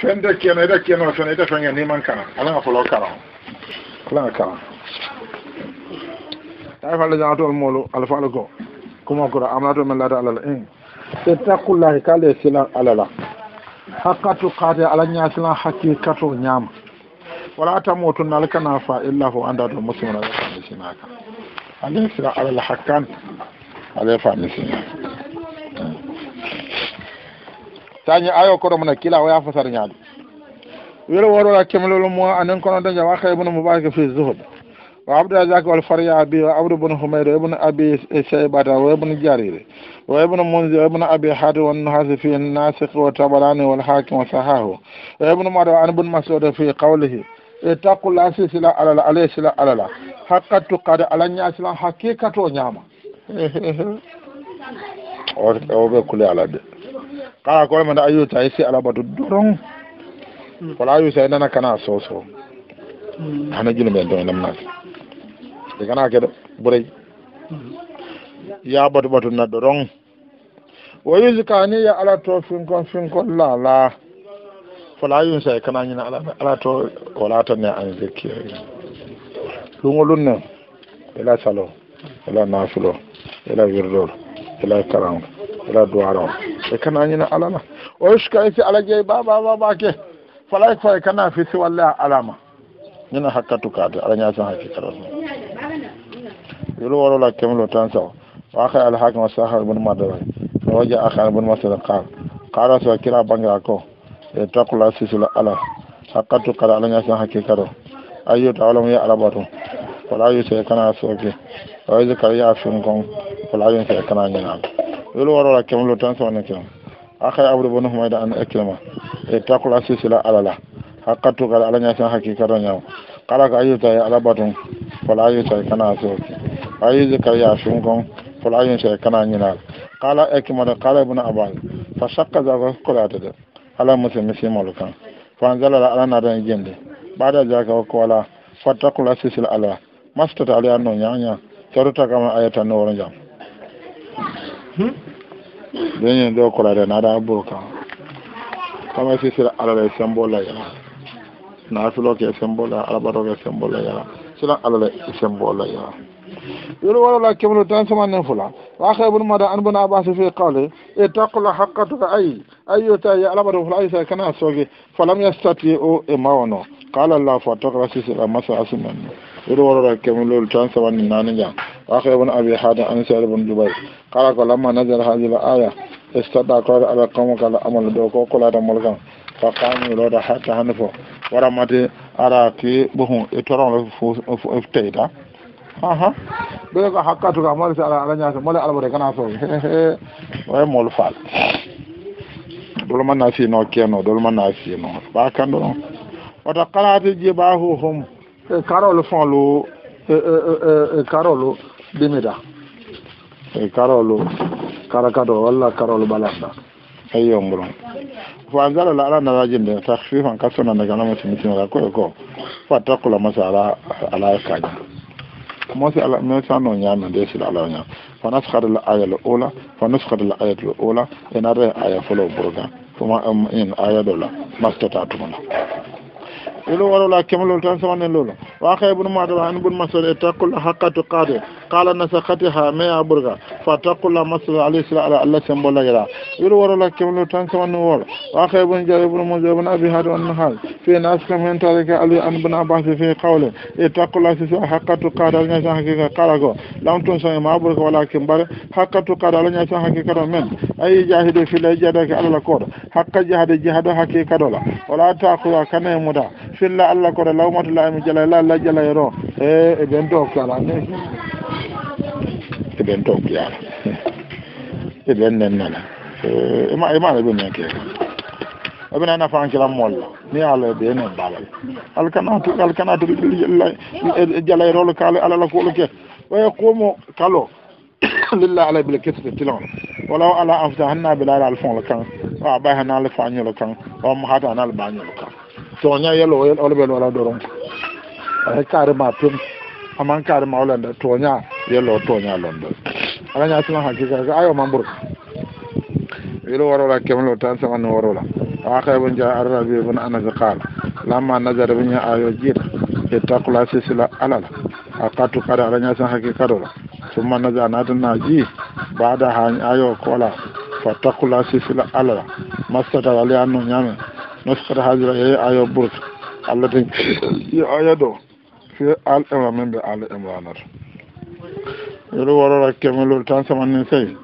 Fɛn i fen da o fɛnɛ, i fen fɛn kɛ ni neman kana ala ga folo kana ala ga kana tay fa la jaa to molo al fa ko kuma kura amna eh. to man la ala in tattaqullahi kale sila ala la haqqa tuqati ala nya silan hakikatu nyama wala ta mutun nal kana fa illahu anda to muslimuna ya kana sinaka ala silan ala hakkan ala fa sinaka tañi ayo koɗo mona kila waya fasar ñaali wiro worora lo mo anen kono daña wa kay mu mubaraka fi zuhud wa abdourazak wal bi wa abdou ibn humayr ibn abi shaybata wa ibn jarir wa ibn munzi wa ibn abi had wa nuhasi fi nasikh wa tabarani wal hakim wa sahahu wa ibn mada an ibn mas'ud fi qawlihi ittaqullah si sila alala alay sila alala hakkat tukkade ala ña silan hakkikato ñama o ɓe kule ala de kala ko ma da ayu ta isi alaba dudurun ko hmm. la ayu sai nana kana so so hmm. hana jinu ben don namna de kana ke bure hmm. ya batu batu na doron wa yuzka ni ya ala to fin kon fin kon la la la ayu sai kana ni ala ala to la to ne an zakiya lungolun ne ila salo ila nafulo ila wirdol ila karango ila duwara e kana ñina alala o alage ba ba ba ba ke falaifai kana fi fisi walla alama ñina hakkatu kate ala ñasan hakki karas yulu warola kemlo tan saw wa khay al hakim sahar ibn madara wa ja akhar bin masal qal qala sa kira banga ko e takula sisula ala hakkatu kala ala ñasan hakki karo ayyo tawlam ya alabatu wala yusa kana soke wa yusa ya fi kon wala yusa kana ñina yolu warola kemlo tan sawana kiram akhay abdu bonu humayda an akrama e takula sisila alala haqqatu gal alanya san hakikaro nyaw kala ka ayyuta ya alabatun fala ayyuta kana soki ayyuta kariya shunkon fala ayyuta kana nyina kala da kala ibn abal fa shakka za kula ta da ala musulmi sai malukan fa anzala ala na da jinde bada zaka ko wala Fa fatakula sisil ala mastata ala no nyanya taruta kama ayata no jam don yin da kurare na da burka kama si sira alala sembola ya na filo ke sembola alabaro ke sembola ya sira alala sembola ya yoro wala la kemlo tan sama ne fula wa khaybun da an bana abbas fi qali ittaqul haqqatuka ay ayyuta ya alabaro fula ay sa kana soge falam yastati o e mawono qala allah fa taqra si sira masa asman yoro wala la kemlo tan sama ne nanin ja wa khaybun abi hada an sa'id ibn dubai kala ko lamma nazar hadhihi al-aya istada qara ala qawmi kala amal do ko kula da mulkan fa qamu lo da hatta hanfo wara mate ara ki buhu e toron fo ftayda ha ha be ko hakkatu ka mol sala ala nyaata mol albare kana so way mol fal dol man na fi no keno dol man na fi no ba kan do wata kalati jibahu hum karol fon lo karol dimida e karolu karakado kado walla karolu ɓalanɗa e yomburon fo anzalala ala narajinde tahfifan kasonande kanama simitimaka koye ko fa takula masa ala ala kaña mosi ala me mesano ñaami de sila ala nya fa naskat al aya al ula fa naskat al aya al ula ina e re aya folo burga foma in aya dola mastata tumana ilo warola kemlol tan sawanen lola waka ibnu madaba an ibnu masud ittaqulla haqqa tuqade qala nasakatiha maya burga fattaqulla masud alayhi sala ala allah sembolla gara ilo warola kemlol tan sawanen wora waka ibnu jar ibnu mujab ibnu abi hadi an nahal fi nas kam hen tarika ali an ibnu abbas fi qawle ittaqulla sisa haqqa tuqade al nyasa hakika qala go lam tun sa ma burga wala kimbare haqqa tuqade al nyasa hakika men ay jahidu fi la jadaka ala kodo haqqa jahada jahada hakika dola wala taqwa kana muda filla allah koɗo lawmatullah mi jala la allah jala yero e e ɓen to kala ne e ɓen to kiyala e ɓen nen nana ema e emaɗa ɓe men keka abin e ana fan kiran molla ni ala da e yana babal alkanatu alkanatu jalai rolo kale ala la kolo ke wa komo kalo lillah ala bil kisb tilon wala ala afta hanna bil ala kan wa ba hanna fanyo kan wa mahata na al banyo kan toña yelo wala ɓel wala doron aye carrément pim aman carrément olonde toña yelo toña londe alaña silan hakkika ko ayo mambour wilo la kemlo tan samanni warola awa kaybo jaa arrabi bon anasi qala lamma nasara ɓe ña ayo jiita ittaqula sisila alala akatu kada alaña silan hakkikarola summa nasa natana jii baada ha ayo kola fattaqula sisila alala masata wali anno ñamen nasu hajjira ya yi ayo burk allatin ya ayo da fi al'amuramin da al'amuranar yaro warar ake milor ta sama nisai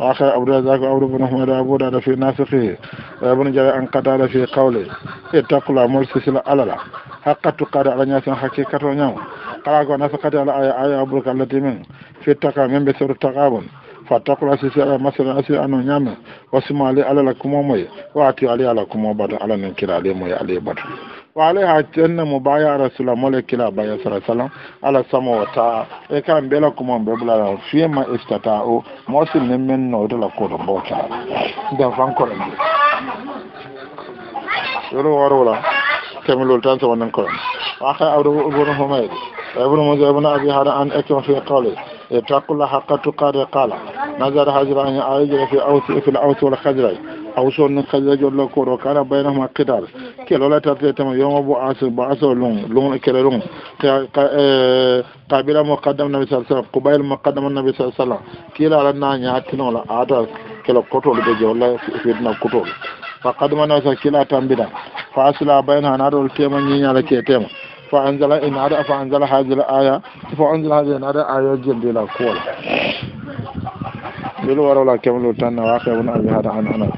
a kai abu da za ku abu rubun hamada abu da da fi nasu fi ya bin jari an kada da fi kawle ya takula mulki sila alala haka tuka da alanya sun haki karo nyamu kala ga nasu kada ala aya aya burk fi taka min bai sauri takabun fatakura sisi ala masala asi ano nyame ma ale ala la kumo moye waati ale ala kuma bata ala nin kira ale moye ale bata wa ale ha tanna mu rasul rasula mole kila baya sara ala samo wata e kan bela kuma be la fiye ma istata o mosi ne men no de la ko do bota da fan ko yoro waro la كامل سوى نكون وأخي أبو ابو حميد ابو مزيد بن أبي هذا أن أكم في قوله اتقوا الله حق تقاته قال نظر هجر أن يعيجل في أوس في الأوس والخزرج أو شون جل كور وكان بينهما قتال كلا لا تتم يوم أبو عاصم بعث لون لون كلا لون آه، قابل مقدم النبي صلى الله عليه وسلم قبيل مقدم النبي صلى الله عليه وسلم كلا لنا يعتنون ادر كلا قتل بجي والله في ابن قتل فقد من أشكل تنبدا فأسلا بينها نار الكيما نينا لكيتيما فأنزل إن أرى فأنزل هذه الآية فأنزل هذه الآية آية جلد إلى كول بلور ولا كمل تنى واخي ابن أبي هذا عن أنا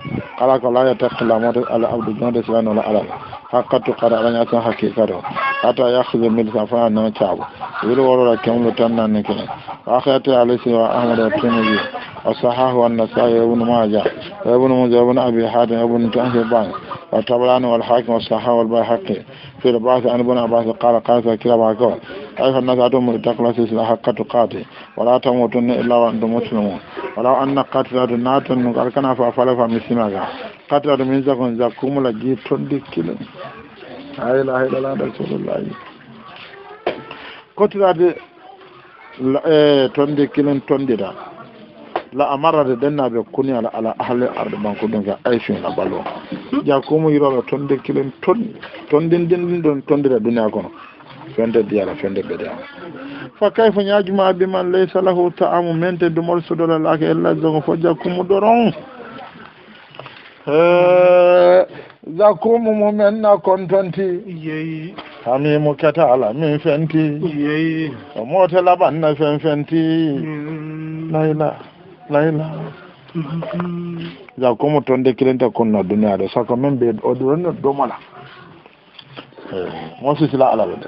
قالك الله يتقل الأمر على عبد الجند سلان ولا على حقا تقرأ لن يتن حقيقة حتى يأخذ من سفاها نمتعب بلور ولا كمل تنى نكين واخي أتى عليه سوى أحمد التنبي وصححه والنسائي وابن ماجه وابن ماجه وابن ابي حاتم وابن تهبان والطبراني والحاكم والصحاح والبيهقي في البعث عن ابن عباس قال قالت كلا باكو ايها الناس اتم اتقوا الاسلام حق تقاتي ولا تموتن الا وانتم مسلمون ولو ان قتلة نات كان فافل فمسلمك قاتل من زكم زكوم لجي تندي كيلو لا اله الا الله رسول الله قتلة tonde kilin tonde da la amara de den naɓe kuni ala ala ahle arde banko ɗum ka na balo jakumu yiroɓe tonde kilen ton don ɗon tondira duniya kono fende diyala fende ɓeɗe ama fa kayfa ñajuma abiman laysa lahu taamu mente dumol sodola laka ella zogo fo jakkumu doron mu men na ami mu kata ala min fenti o mote laban na fenti mm. layla laila za kuma ton da kirinta kunna duniya da sakamin bai odurin da domala wasu eh, sila alalar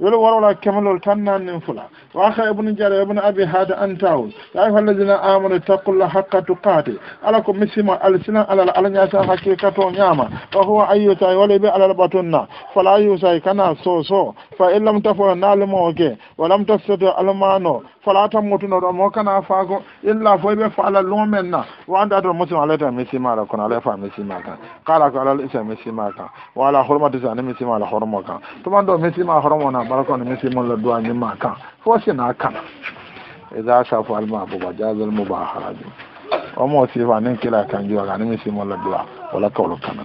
yolo waro la kemalol tan nan nin fula wa kha ibn jara ibn abi hada antaw ta fa lazina amanu taqulla haqqa tuqati ala ko misima al sina ala ala nya sa hakki kato nyama wa huwa ayyuta wala bi ala batunna fala yusa kana so so fa illam tafu nalmo ke wa lam tasdu almano fala tamutu no mo kana fa illa fo be fa ala lo menna wa anda do musim ala ta misima ala kona ala fa misima ka qala ko ala misima ka wa ala hurmatu sa misima ala hurmaka to man do misima kɔrɔmɔ na bara kɔni misi mun la duwa ni ma kan fo si na kan idza shafu al ma'bu wa jazal mubahara o mo si fa nin kila kan jiwa kan misi mun la duwa wala kawlo kana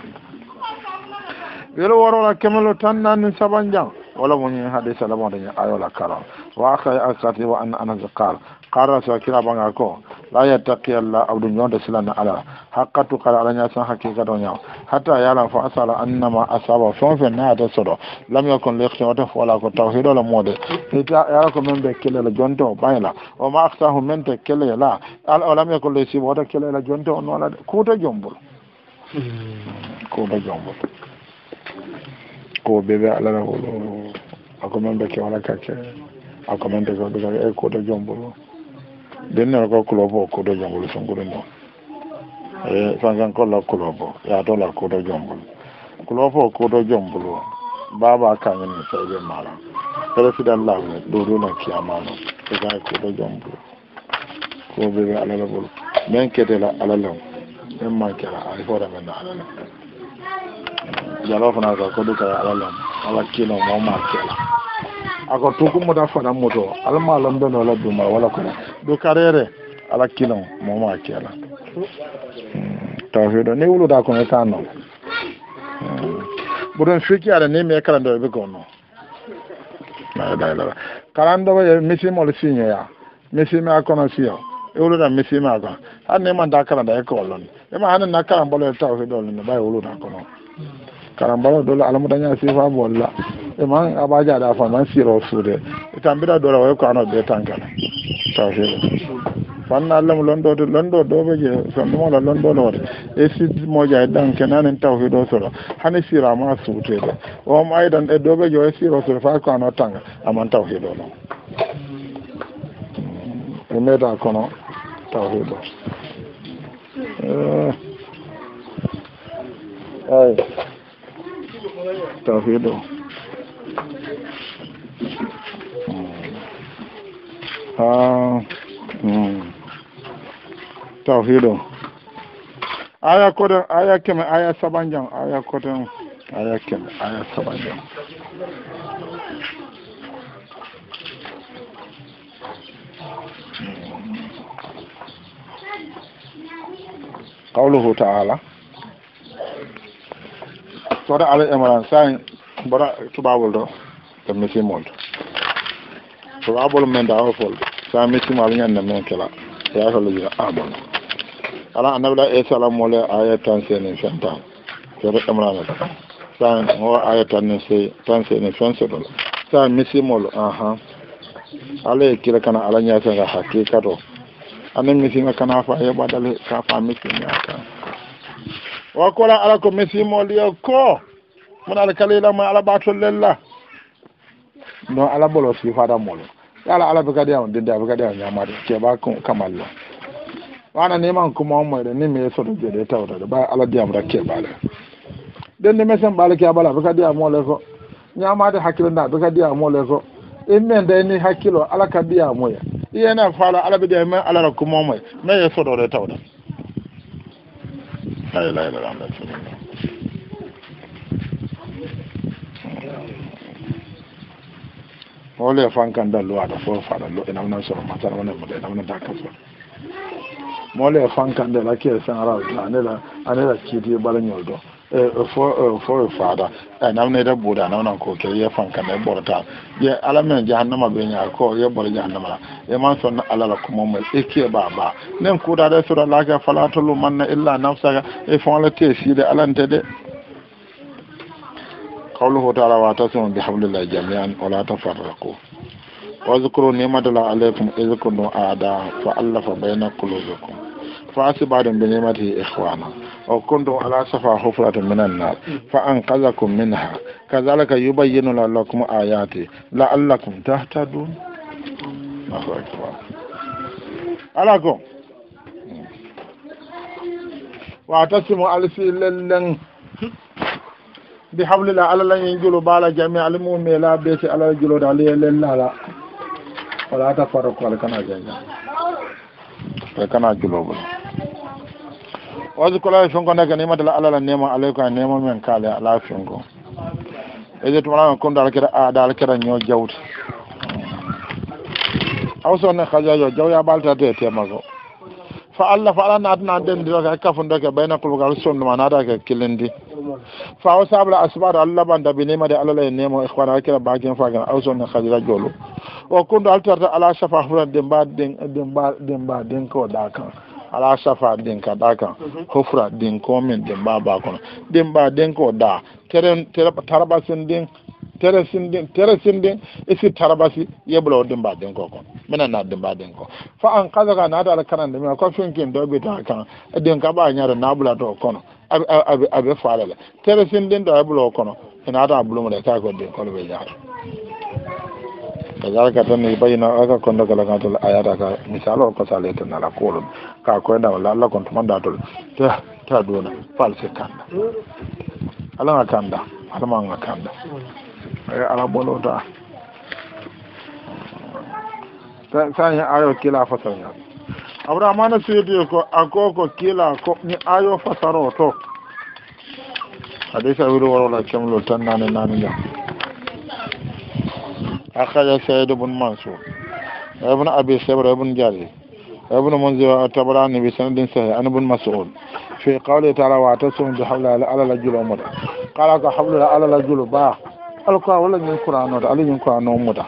yelo waro la kemelo tan nan ni sabanjan wala mun yi hadisa la mo de ayo la karam wa akha akati wa an anas qala qara sa kira banga ko la ya taqi allah abdu nyonda silana ala haqqatu qala ala nyasan hakika don yaw hatta yala fa asala annama asaba fa fa na ta sodo lam yakun li ikhtiyata fa la ko tawhid la mode ita ya ko men be kele la jonto bayla o ma akhtahu men te kele la al lam yakun li si wata kele la jonto on wala ko to jombul hmm. ko to jombul ko bebe ala na ko ko men be ke wala ka ke ako men te ko be ko e to jombul dennel ko kulobo jangol jongol sunguru no e san ko la kulobo ya to la kudo jongol kulobo do jangol baba kan ni sai mala president la ne do do na kiyamano e ga do jangol ko be ala la bol men kete la ala la men man kala ay fora men ala la lo fana ko do ka ala la ala no mo ma kala a ako tukummuta fota muto alama lon ɓeno ladduma wala kono du karere ala kilon moma keela tawfiɗo ni wuluda kono ta noon ɓuɗon fiki aɗa ni mi kalande o ɓe ko noon kalande o ye misimol signoya misimi a kono siyo e wuluda misimi a kono da manta da e ko ollon ema hanni na kalan ɓolo e tawfiɗo olni ɓay e wuluda kono karambalo dole sai fa bolla ima abaja da fa man siro Ita itambira dole wai kwano be tankala tawhid fanna alamu londo do londo do be je so mo la londo no wata e, e si mo ja dan kenanen tawhid o soro hani sira ma te do o mo aidan e do be jo e siro su fa kwano tanga aman tawhid do no e da kono tawhid do eh ay tawhidu ah hmm. tawhidu aya kodon aya kemen aya sabanjan aya kodon aya kemen aya sabanjan قوله hmm. تعالى toɗo ala eh, imran sa mbaɗa tubabol ɗo ɗo misimol tubabol men dawa folde sa misima ala ñande men kela yatolo jira abon ala annabila e salam aya e tan seni fen tan toɗo imrane emaran sa o ayatan tanne se tan seni fen soɗol sa misimol ahan ala e kila kana ala ñasenga hakika to anen misinga kana fa heɓa badale ka fa misiñaka o kola ala ko mesimol yo ko mun ala kalila ma ala ɓatollella non ala ɓolo sifatamolo yala ala be kadi yama dinde abe kadi yama ñamade keɓa kamalla wana niman kuma moyɗe ni mi soto jeeɗe tawtade ɓa ala diyamata keɓale dende mesen ɓaale keɓala abe kadi yamole ko ñamade hakkille na abe kadi yamole ko immen de ni hakkilo ala kadi yamoya na faala ala ɓe ɗe men alala kumamoye mais ye soɗore tawɗade لا إله إلا kan صلى الله wole fan kan dallo aɗa fo faɗallo ena wona soro matara wona muɗa ena wona kan de la ke sen ara anela anela kiidi ɓala ñol fo fada anamne da buda na wannan ko ke ya fanka na borta ya alamin jahannama be nya ko ya bor jahannama ya man son alala kuma mai ike ba ba nan ko da da sura la ga falatul manna illa nafsaka e fon la te si da alanta de qawluhu ta'ala wa tasmu bihablillahi jami'an wa la tafarraqu wa zkuru ni'matallahi alaykum iz kuntum a'da fa allafa bayna qulubikum فاسبا بنعمته إخوانا وكنتم على صفا حفرة من النار فأنقذكم منها كذلك يبين لكم آياتي لعلكم تهتدون الله أكبر ألاكم واعتصموا ألفي للن بحبل الله على لن ينجلوا بالا جميع المؤمنين لا بيس على الجلود عليه لن لا ولا تفرقوا لكنا جميعا لكنا جلوبنا wasu kula da shinko daga nema da la'alala neman alaikun neman min kale a lafiyan ko ezi tumara mai kun da alkira a da alkira nyo jawt hausa ne kajajo Jau ya balta ta te mazo fa Allah fa Allah na tana den da ka kafin da ka bayna kulgar sun ma na da ka kilindi fa hausa bla asbar Allah ban da binema da alala e ne mo ikhwana alkira bakin fa hausa ne kajajo lo wa kun da altar ala shafa huran dimba dimba dimba ba ko da ala safa din ka da kan mhm. hofra din ko min din ba ba kono din ba din ko da teren tarabasin din teresin din teresin din isi tarabasi yebulo din ba din ko ko mena na din ba din ko fa an kaza na da kanan da ko finkin do bi ta kan din ka ba nyaro na bula to kono abe abe fara la teresin din do ko no ina ta bulu mu da ka ko din ko be ya kazalika tan yubayyinu aka kondo kala kantul ayata ka misalo ko na nala kolon ka ko da wala Allah kon tumanda tol ta ta dona false kanda ala nga kanda ala ma nga kanda ay ala bolo ta sa ya ayo kila fasar ya abra amana su yede ko akoko kila ko ni ayo fasaro to hadisa wuro wala kemlo tan nane nane ya أخرج سعيد بن منصور ابن أبي سبر ابن جاري ابن منذر التبراني بسند سهل أنا ابن مسؤول في قوله تعالى واعتصموا بحول الله على الجل أمدا قال حول الله على الجل با ألقى ولا ينكر عنه على ينكر عنه أمدا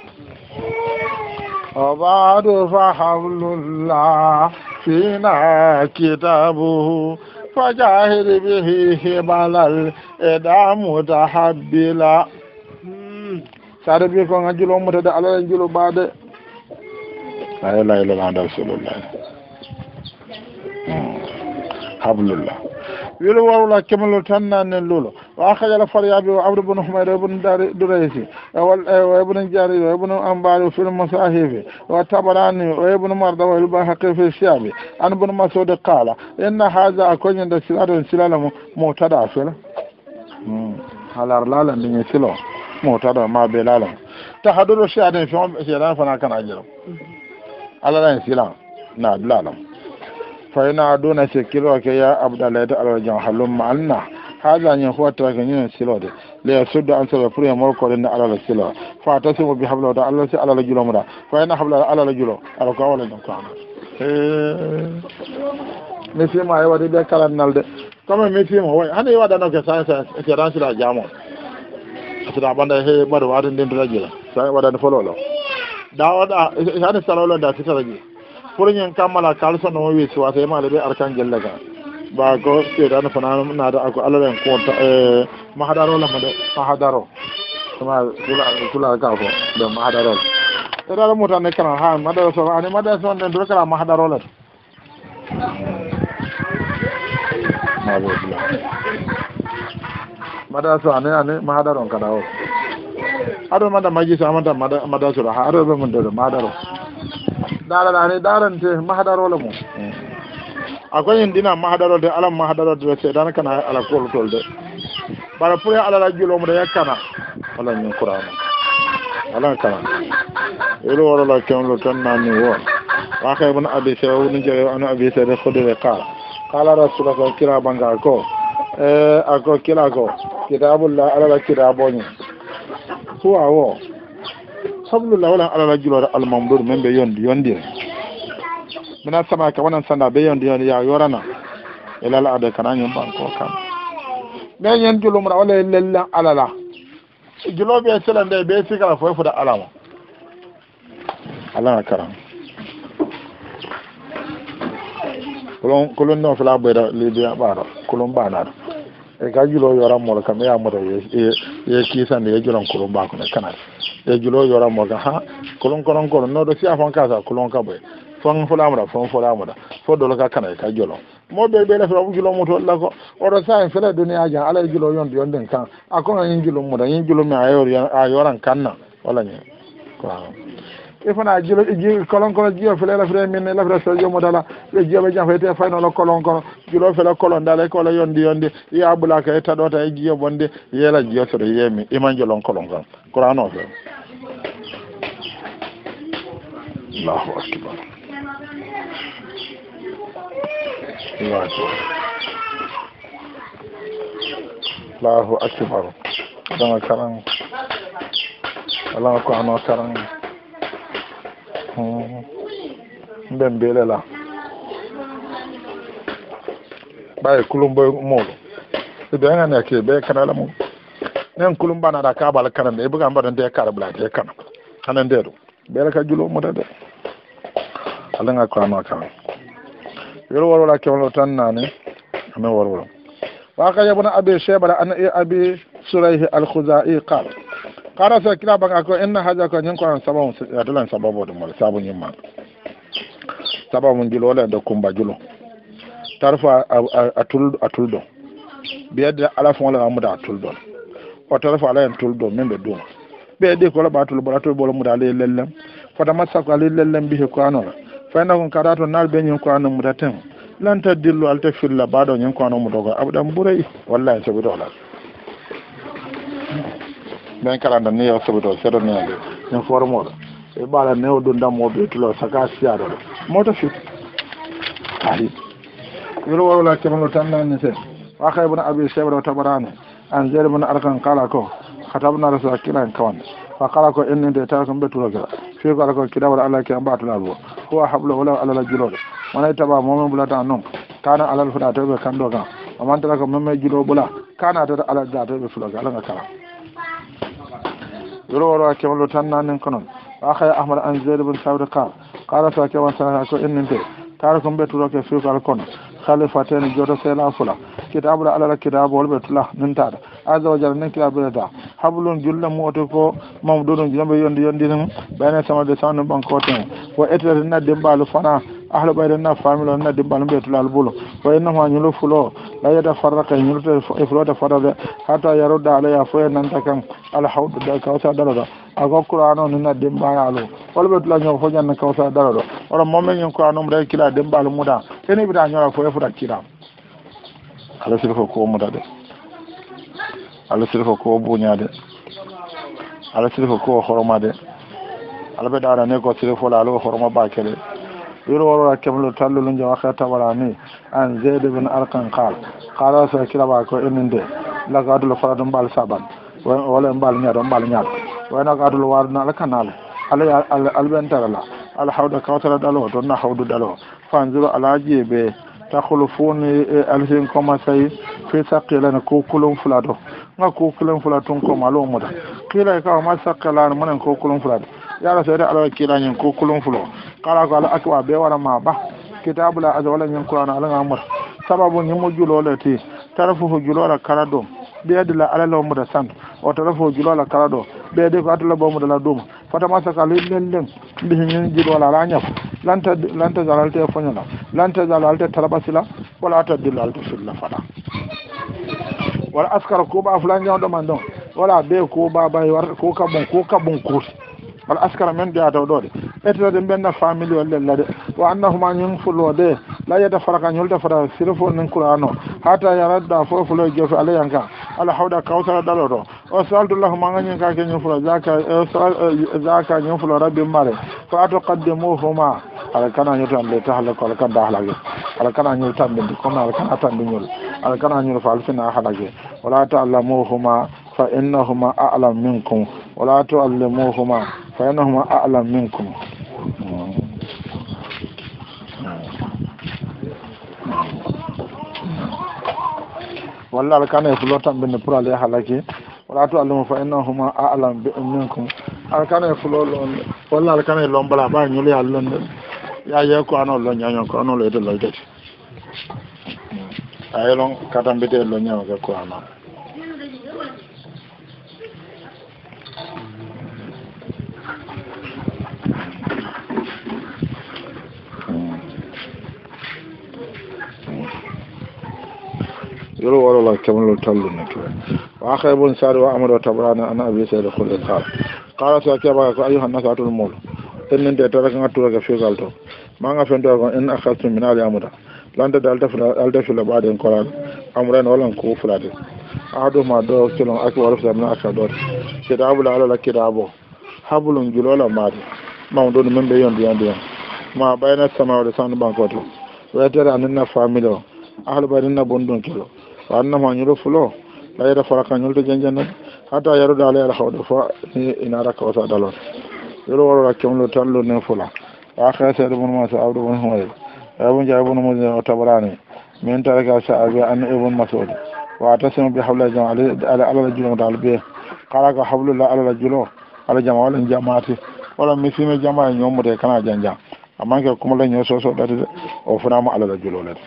وبعد فحول الله فينا كتابه فجاهر به هبال الإدام تحبلا taade mbi ko ngajjulo ommude de alala julo ɓaade la ilaha illallah anda rasulullah hmm. hablullah wilo warula kemlol tan nan lulo wa akhajala faryaɓe o abdou bone humayra ibne dari douraysi e wal o e ibne jari o ibne ambari o fil mosahifi wa tabarani o ibne marda wa hilba haqifi siaɓe an bone masode qala inna haga a koñinde silaɗon silala mo mo taɗa fela hmm. halar lalandiñe silo da ma be lalam ta da shi adan fi shi adan fana kana jira ala lan sila na lalam fa na dona kilo ke ya abdallah ta alwajan halum anna hadha ne huwa ta ga yin silo le su da an sala furiya morko den da la silo fa ta sun bi habla da allah sai ala julo mura fa ina habla da la julo ala ko wala dan eh, kan mi fi ma yawa e de be kalan nalde kama me fi ma wai hande yawa e da no ke sai sa ke ran sila jamo ci da banda he mar watin den tata jila sa waɗani fololo dawaɗa hani salawlo da ci taraji pour ñin kammala kalisa no wi siwata yemale ɓe arkangel le ga ba ko seeɗani fana naada ako ko ta konta eh, mahadaro la de mahadaro kula kula ka ko da fo e da mahadarol eɗaɗa ne kana ha madara so ani madara so den dor kala mahadaro la mahadarolata maɓoɗila madaso ane ane mahadaro kadao aɗo mada majjiso amata madasoro ha aɗo ɓe gon deɗo mahadaro daɗaɗa ane darante mahadarole mum akoyen dina mahadarode alam mahadarode de seeɗan kana ala koltolde bara la ya alala ya kana. wala ñin kurano alan kana yelo worola kewlo tan nanni wo waxe bon abi sew nu jere an abi sew de khudure qala qala rasulullah kira banga ko Eh, ako kila ko kitabulla alala kitaboñi suwa wo sablulla wala alala julore almamdud men ɓe yondi yondi yondire mina samaka wonan sanda ɓe yondi yondi ya yorana ilal ade kana ñum kama kam mais ñen julumra wala lellan alala juloɓe sela nde ɓe sikala foye fuda alama alana karam kolon kolon no fala beda le dia bara kolon bana e ka julo yora mol kam ya mota ye ye kisan ye julon kolon ba ko ne kana ye julo yora mol ka ha kolon kolon kolon no do si afon kasa kolon ka be fon fula mura fon fula mura fo do ka kana e ka julo mo be be la fo julo mo to la ko o do sa en fela duniya ja ala julo yon yon den kan akon yin julo mo da yin julo me ayor ayoran kanna wala ne ko e fana jilo ji kolonkono jiyo fele lafre min la lafre so jomo dala be jafete fayno la kolon kolon jilo fele kolon dala ko la yondi yondi ya ɓulaka e taɗota e jiyo bonde yela jiyo so yemi iman jilo kolon kan qouran o fe allahu akbar allahu akbar allahu akbar Allahu akbar alaa ko mbembele la ɓaye kulumboy muɗum so ɓe gani ake ɓe kanala mum nen kulumbanata kabal kana nde buga mbaɗa nde kara ɓulate kana ana nde ɗum ɓeele ka julo muta de alaga koano kan yol worwora kewlo tan nani amin worwora waka yabna abi shebara an abi surayhi alkhuzai qala kara sa kira ban ako inna haja ko nyin ko an sababu ya dolan sababu dum mal sabun yimma sababu julo la da kumba julo tarfa atul atul do biyadda ala fon la da atul do o tarfa ala en tul do min be d'o be de ko la batul baratul bolo muda le lellem fata masako ale lellem bihe ko anola fayna kon karato nal be nyin ko anu muda tem lan tadillu alta filla do nyin ko anu mudogo abudan burai wallahi sabido la ɓen e ne ni yaw soɓito seeɗo niyade in formoɗo e ɓaala newo ɗum dammo ɓe tulo saka siyaɗoɗo moto fit ayi wiro warola kemalo tan nanni sen waka ibn abi shayba wa tabarani an zaid ibn arkan kala ko khatabna rasul kiran kawan fa kala ko inni de takum be tulo gara fi kala ko kida wala allah kiran batula bo ko hablu wala ala la ba mana taba momen bulata non kana ala al huda to be kando ga amanta ko memme julo bula kana to ala da to be fulo ga ala kala yoro woro a keɓalo tan nanin konon axaye ahmad an zeyde bon sabre ka kala ta keɓan sanata ko inninte tara ko ɓetturoke fiukal kono khalifa ten joto sela fula kitabu da alala kitabu wol ɓe tula nintaɗa azawa jara nen kila ko mamu ɗoɗum julembe yondi yondi tum fana ahlu bayda na na di na dimɓal lal albulo wa ma nyulo fulo la yata farraka e ñuluta e fara farade hata da alaya fo e da kan alhawɗude kawsa ɗaloɗo ako qur'an o nina dimɓayalu wala ɓe tula ñogo fo ñanna kawsa ɗaloɗo oɗo momin ñin qur'an um re kila al muda ene ɓita ñora fo e fura kila ala siri ko ko muda de ala siri ko ko de ala siri ko ko horoma de ala ɓe ɗana ne ko siri fola ala ko horoma kele yiri waro a kemlo tallo lunje wa kata warani an zede bin arkan kal kala sa kira ba ko enin de la gadu fara dum bal saban wala en bal nyaa dum bal nyaa wana gadu lo war na la kanal ala al bentara la al hawda kawtara dalo don na hawdu dalo fanzu ala jebe ta khulufuni alhin koma sai fi saqilan ko kulum fulado nga ko kulum fulatun ko malo muda kila ka ma saqilan manan ko kulum fulado yala sede ala yin ko kulun fulo kala ko ala akwa be wara ma ba kitabula aza wala ñin qur'an ala ngamur sababu ñimo julole ti tarafu julola kala dom ɓeyde la ala law muda santo o tarafo julola kala ɗo ɓeyde ko adula bomuda la duuma fatama saka lellen len mbihi ñin jiɗola ala ñaf lanta lanta jalalte foñola lanta jalalte talaɓa sila wala ta taddilalte filla faɗa wala askara kuɓa fula ñawɗo da ɗon wala ɓe kuɓa bay war ko kaɓum ko kaɓum kuuti wala askara men doya dow ɗo de ɓettetade ɓenna famille o lella de wa annahuma yingfulo de layyada faraka ñolde fota sirofonin couran o ha ta yaradda fofulo e jofe alayan ka ala hawɗa kawsara ɗalo to o saldullahuma gañinkake ñufulo zaka ñufulo rabbi mare fa tuqaddimuhuma ala kana ñutan de tahala ko ala kanda halage ala kana ñul tambindi comme ala kana tambi ñul ala kana ñul fa alfina halage wala taallamuhuma fa innahuma alam minkum wala tuallimuhuma fa innahum a'lam minkum walla ala kana e fulo tamɓinde pour halaki wala to alluma fa innahuma a'lam minkum ala kana e fulo londe walla ala kana e lombala ɓa ñuloya londe ya yee ko ano lo ñañon ko ano lo yoro wala la kamlo tallu nek wa khaybun sar wa amru tabrana ana abi sayd khul ithar qala sa kaba ko ayuha nasatul mul tenente to rek ngatu rek fi galto ma nga fen do en akhasu min al yamuda lande dal def al def la baden qur'an amran wala ko fulade adu ma do selon ak wala fa min akha do ci dabul ala la kitabo habulun julola ma de ma do non membe yondi yondi ma bayna sama wala sanu bankoto wa tara anna familo ahlu barinna bondon kilo fa annama ñulo fulo layira faraka ñulto janjanna hata yarude ala ala hawde fa ni inara kawsa dalon yolo warora kemlo tallo ne fula akha sa'd ibn musa abd ibn humayr abu ja'ib ibn musa wa tabarani min taraka sa'abi an ibn mas'ud wa atasimu bi hawla jama'ali ala ala julum dalbe qala ka hawlu la ala julo ala jama'al jama'ati wala misime jama'a ñomude kana janja amanke kuma la ñoso so dati o funama ala julo lati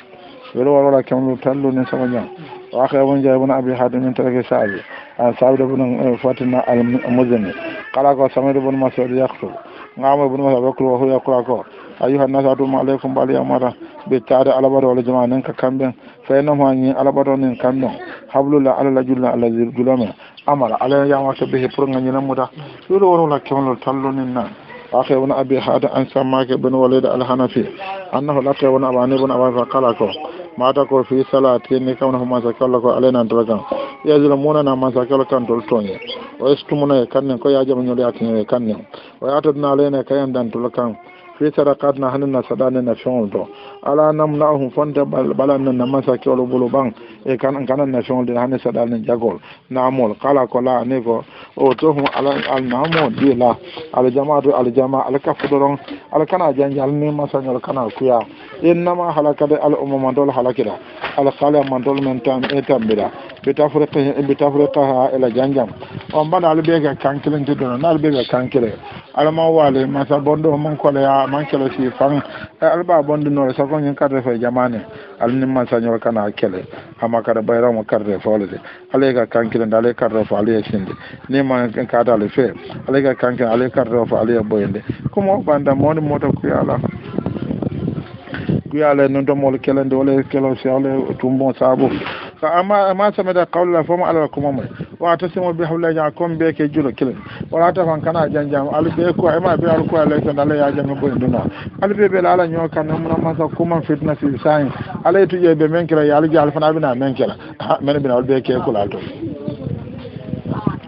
welo warola kemlu tallu ni sama jam wa akha ibn jabir ibn abi hatim min tarake sa'id an sa'id ibn eh, fatina al muzani qala ko samir ibn mas'ud yaqtul ngam ibn mas'ud yaqtul wa huwa yaqra ko ayuha nas atum alaykum bal yamara ka kamben fa yana ma ni alabado nin kamben hablulla ala lajulla ala zulama amara ala yamata bihi pour ngani nan أخي بن أبي حاد عن سماك بن وليد الحنفي أنه لقي بن أباني بن أباني فقالكو ما تقول في صلاة إني كونه ما لك علينا أنتبكا يزلموننا ما سكالكو تلتوني ويستمونا يكنن كو يجب أن يلي أكنن ويعتدنا علينا كيان دانتلكا fi sadakat na hannun na sada ne na fiyon dɔn ala na hun fɔn tɛ bala ne na masa kɛ olu bolo ban e kan n kana na fɛnw de hannun sada ne jagol naamol kala kɔla ne ko o to hun ala naamɔ di la alijama do alijama ala ka fɔ dɔrɔn kana janja ala ni masa ɲɔl kana kuya e ma halaka de ala umma mandol halakira ala kala mandol men tan e bitafriqaha ila janjam on mbaɗa ala ɓe ga kankelen dono na ala ɓe ga Ala ma wale masa bonɗo man koleya man kele si fan e eh, alaba bonɗinore sagoñin karde fe jamane ni alanimman sañor kana kele hama kada bayramo karde folede alay ga kankilende alay karde fo alaye sinde nima kada ala fe alay ga kankile alay karde fo alaye boyinde comme ɓanda mawni mota kuyala kuyala non tomol kelende wala kelo si ala tumbon sabu. amma ma same da kawla fama alal kuma mai wa ta simo bi hawla ja kon be ke julo kilin wala ta fan kana janjam al be ko ema ma be al ko ala tan ala ya jam bo nduna al be be ala nyo kan mun ma sa kuma fitna fi sain ala tu je be men kira ya al ja al fana bina men kira men bina al be ke ko la to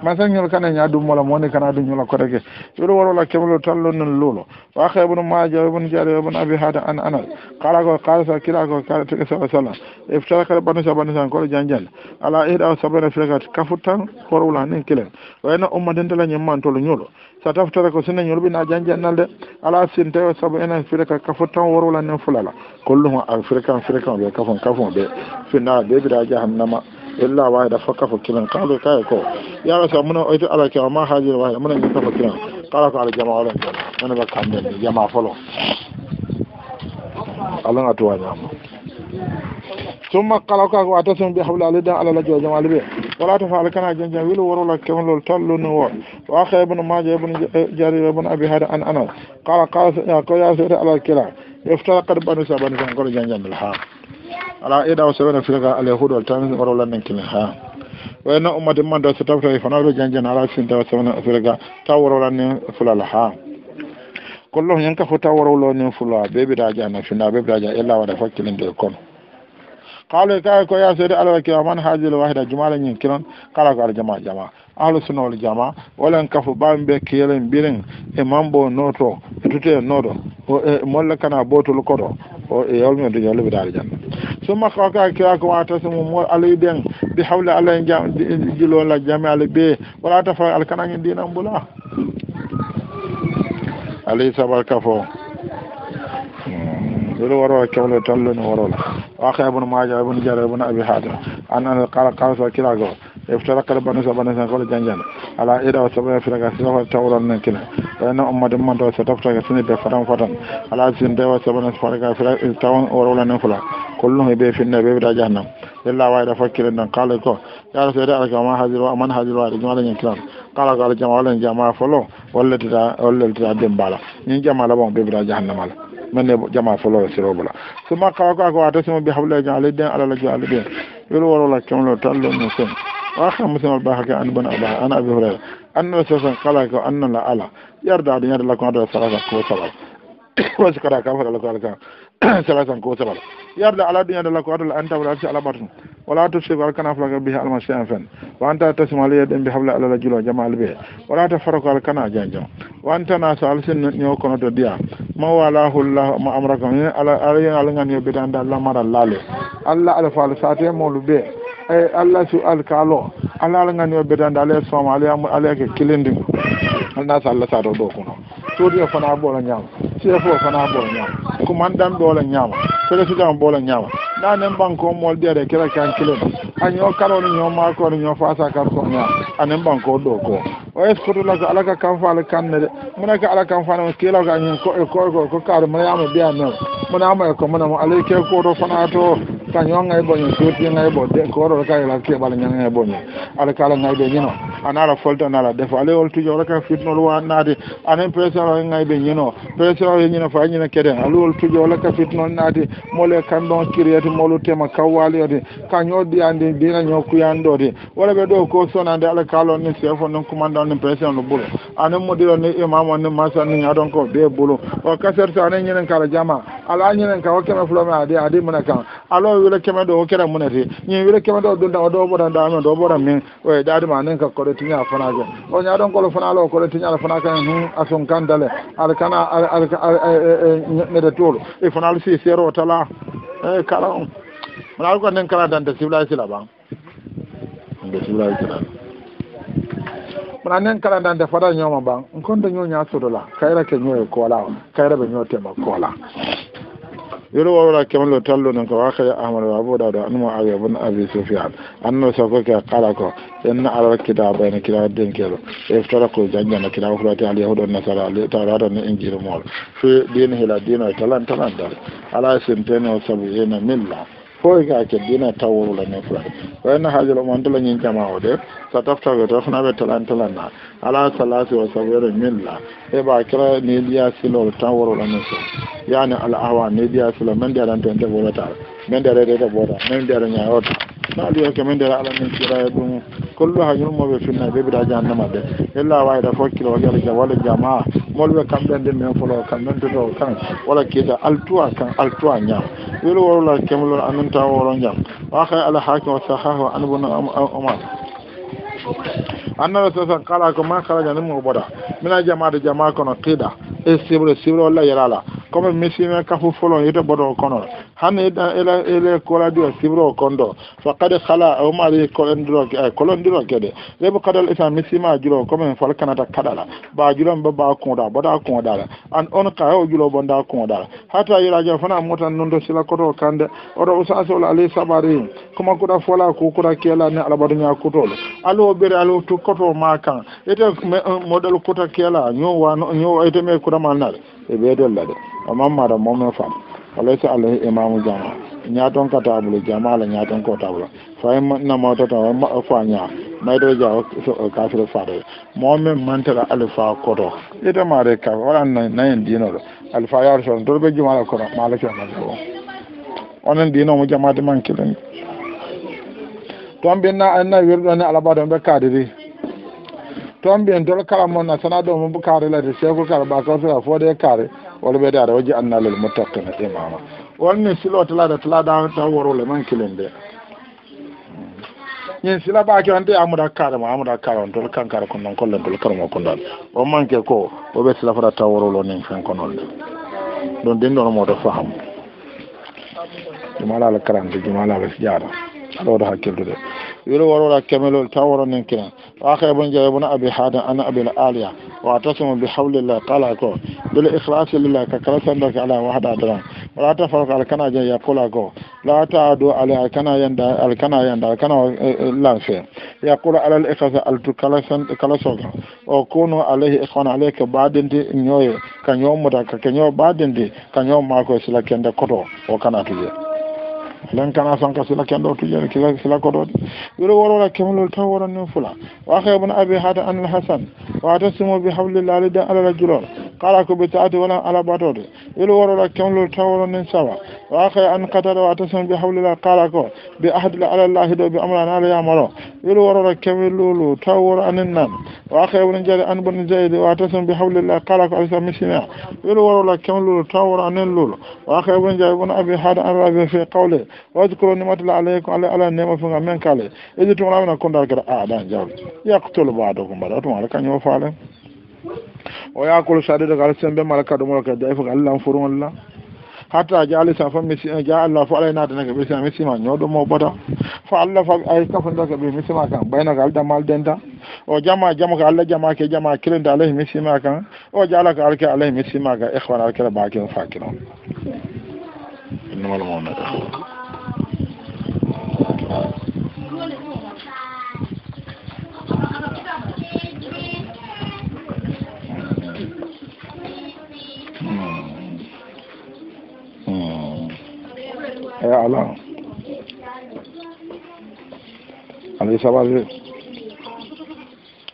masañol kana ña dummola moni kana duñola kote ke cuuɗo worola kemlo tallo lolo wa waaka ma maja ibn jaari ibn abi hada an ana qala ko sa kila ko qala tege e sa sallam iftara kala banusa banusan ko janjal ala ihɗa e sabana fregat kafu tan umma den kilen wayno man ñimmantolo ñuulo sa taftara ko na ñuulo ɓina janjalnalde ala sintewo saabu enen firka kafu tan worula nin fulala kollumo a firkan firkan ɓe kafon kafon be fina ɓe ɓiɗa jahannama illa wa da faka fakiran kalu kai ko ya rasa muna aitu ala kiyama ma hajira wa muna yin kala ko al jama'a wala ala ida usawna filga al yahud wal tamis warolan nan kin ha wayna ummati man da su tafta fa nawo janjan ala sin da usawna filga tawrolan ne fulal ha kullum yanka fu tawrolon ne fula bebe da jana fina bebe da jana illa wa da fakkilin da kono kaalo ka ko ya seede ala kira man haajil wahida jumala nyin kiran kala ko aljama jama ahlu sunna wal jama walan kafu bambe kiyelen birin e mambo noto e tute nodo o e molla kana botul kodo o e yolmi do yolbi dal janna summa ka ka kira ko wata sumu mo alay den bi hawla ala jam jilo la jama ala be wala tafa al kanan dinan bula alaysa kafo. دول ورا كولو تمل ورا واخي ابن ماجه ابن جرير ابن ابي حاتم ان انا قال قال كلا جو افترق ربنا سبحانه قال جنجان على ايدا وسبعين فرقا سنه تورا نكنا فان امه من دو ستفتر سنه بفرام فتن على سن دو سبعين فرقا فرقا تاون ورا نفلا كلهم بي في النبي بدا جهنم الا واحد فكر ان قال كو يا رسول الله ما هذه ومن هذه الوارد جمال كلام قال قال جماعه جماعه فلو ولا تدا ولا تدا دمبالا ني جماعه بون بي بدا جهنم man ne jama folo robola so ma kawa ko ko ato sima bi hawla jale den ala la jale den yoro woro la kemlo tallo no sen wa kha musal ba hakka an ban aba ana abi hore an no so wasallam kala ko an la ala yarda da yarda la ko ada salaka ko salaka wasu kara kafa da lakawar kan salasan ko sabal yar da aladun yadda lakawar da an tabbata shi alabatun wala ta shi bar kana fulagar bihi almashi an fen wa ta ta simali din bi habla alala jilo jama'al bi wala ta farko kana janjan wa an ta na sa alsin ne o kono to dia ma wala hulla ma amraka ne ala alayin ngani yo dan da Allah mara lale Allah alfa alsate molube ay e, Allah su kalo ala ngani yo dan da le somali ala ala ke kilindin Allah sa Allah sa do ko to dia fana la nyam sefo fana ɓol ñaama kumandan ɓoola ñaama président ɓoola na nanen banko mol dere kera kan kilo a ñoo kaloni ñoo maakoni fa sa kar ko ñaama anen banko do ko wa yaskuru laka alaka kanfa ala kanne de muna ka ala kanfa na kila ga nyin ko ko ko ko kar muna yama biya no ma ko muna mu alai ke ko do fana to kan yon ngai bo nyin suti ngai bo de ko do ka ila ke bal nyin ngai bo nyin ala kala ngai de nyino anara folto nala de fa alai oltu jora ka fitno lo na de anen presero ngai be nyino presero nyino fa nyino kede alu oltu jora ka fitno na de kan don kiriyati molu tema kawali de ka yo di ande dina nyoku yando de wala be do ko sonande ala kala ni sefo non kumanda imam nin president bulu anin mudiro ni imam ni masan ni adon ko be bulu o kasar sa anin yinin kala jama ala yinin ka o kema fulo ma ade ade muna kan alo wile kema do o kera mun ade nyi wile kema do dunda o do bodan da amen do bodan min o da e dadi ma nan ka kore ti nya fana ga o nya don ko lo fana lo kore ti nya fana kan hu asun kan dale al kana al ne da tolo e fana si sero tala e kala on mun al ko nin kala dan da sibla sila ba da sibla sila mana nen kala dan da fara nyoma ban in kon da nyonya so dola kaira ke nyoy e ko la kaira be nyote ma ko la yoro wawra kemal lo tallo nan ko akhay ahmad wa abu da an mu abi ibn abi sufyan an no sa ko ke kala ko inna ala kitaba ina kila den kelo e ftara ko janja na kila ko ta aliyahu don nasara le ta rada ne injil mol fi din hila dino talan talan da ala sintenio sabu ina milla foy ga ke dina tawuru la ne fulani wayna hajula mon to la nyin jama o de sa tafta ga to na be talan la na ala salatu wa sabiru milla e ba kira ne liya silo tawuru la ne so yani al awa ne dia silo men da ran to en de bolata men da re de bolata men da re nya ota naaɗu e ala min ndera alamin kira e ɗum kollu ha yurmoɓe finna ɓe ɓiɗa jahannama ɓe illa wayda fokkilo wala ja walla jama molɓe kamɓe nden min folo kam min toto kan walla kiita altuwa kan altuwa ñam welo worla kemlol amin taw woro jam wa kay ala hakim wa sahahu anbuna omar annabi sallallahu kala ko man kharaja min ubada mina jama da jama kono qida e sibre sibre wala yarala comme misime kafu folon yete bodo kono hanne da ila ila kola dio sibro kondo faqad khala o mari e, ko endro ke eh, ko londiro ke de rebo kadal isa misima julo comme fal kanata kadala ba julo ba ba ko da boda ko da an on ka o julo bonda ko da hata yira ja fana motan non do sila koto kande odo usaso ala sabari kuma kuda fola ko kuda kela ne alabadu nya alo ɓere alo tokkoto ma kan ete eh, moɗel kota kela ñowano ñoow ete me kurama nare e ɓeedolla de omam mara momin fam alay so allah imamu e jama ñaton ka table jama ala ñaton ko table fay namawtata fa ña e mayde ja eh, kafire fatoy momin e mantere alifa koto ete mare ka wala nayen dinoɗo alifa yarsono toɗo ɓe jumala kono malakenaoo onen dinomo jamade man kilen toon mbiyen na en nayi werɗo ne alabaɗo mbe kaadiri toon mbiyen dol kala moon na sana ɗo mo mbo kaari ladde chef kaare ɓa kawtira fooɗe kaare wala ɓeyde are oji annalel mo tokkene imama wonni silo talaade talaadaam taw worwule man kilin de ñin hmm. sila ɓaake on de amouda kaare mo amouda kaare on dol kankare ko non kolle dol kare mo ko ndan o manque ko o ɓe sila fota taw worwule onin fen ko noon de ɗum ɗin ɗon mooto faham jumalaala karante jumalaala sijaada alawda hakkildude yiro warora kemelol taw woro nen kiran waka ibon jawe bona abi hada ana abil aliya wa tasimu bi hawlillah qala ko bil ikhlasi lillah ka kala sanda ka ala wahda dalan wala ta farq al kana je ya kula ko la ta do ala kana yanda al kana yanda al kana lanse ya kula ala al ikhlasi al tu kala san kala so o kono alayhi ikhwan alayka badinde nyoye ka nyomuda ka nyoba badinde ka nyoma ko sila kende koto o kana tuje len kana sanka sila kendo tujani kila sila kododi wiro worola kemlol taw woronnin fula wa hebon abi hada an alhasan wa tasimu bi hablillah da ala rajulol kala ko ɓe taati wala ala batode wilo worora kemlol taw woronnin sawa wa akhe an katara wa tasimu bi hablillah kala ko bi ahdila alallahi ɗo ɓe amran ala yamaro wilo worora kemlolu taw woro anin nan wa akhe ibn jari an bon zeyde wa tasimu bi hablillah kala ko alisa misina wilo worora kemlolu taw woro anin lulu wa akhe ibn jari ibn abi hada an rabi fi qawle واذكروا نعمة الله عليكم على على نعمة فنغا من كالي إذا تمرامنا كنت كده آه دان جاول يقتل بعضكم بعض da لك أن يوفعله ويأكل سعدة على سنبه ملكة دمولك دائفك الله أنفرون الله hatta jaali sa fam mi ja allah fo alayna tan ka bisama mi sima nyodo mo bota fa allah fa ay ka fanda ka be mi sima kan bayna ka da mal denta o jama jama ka allah jama ke jama kilenda alayhi mi sima kan o jala ka alka alayhi mi sima ka ikhwan alka ba ke fakiron innamal mu'minuna ya ala alai sabari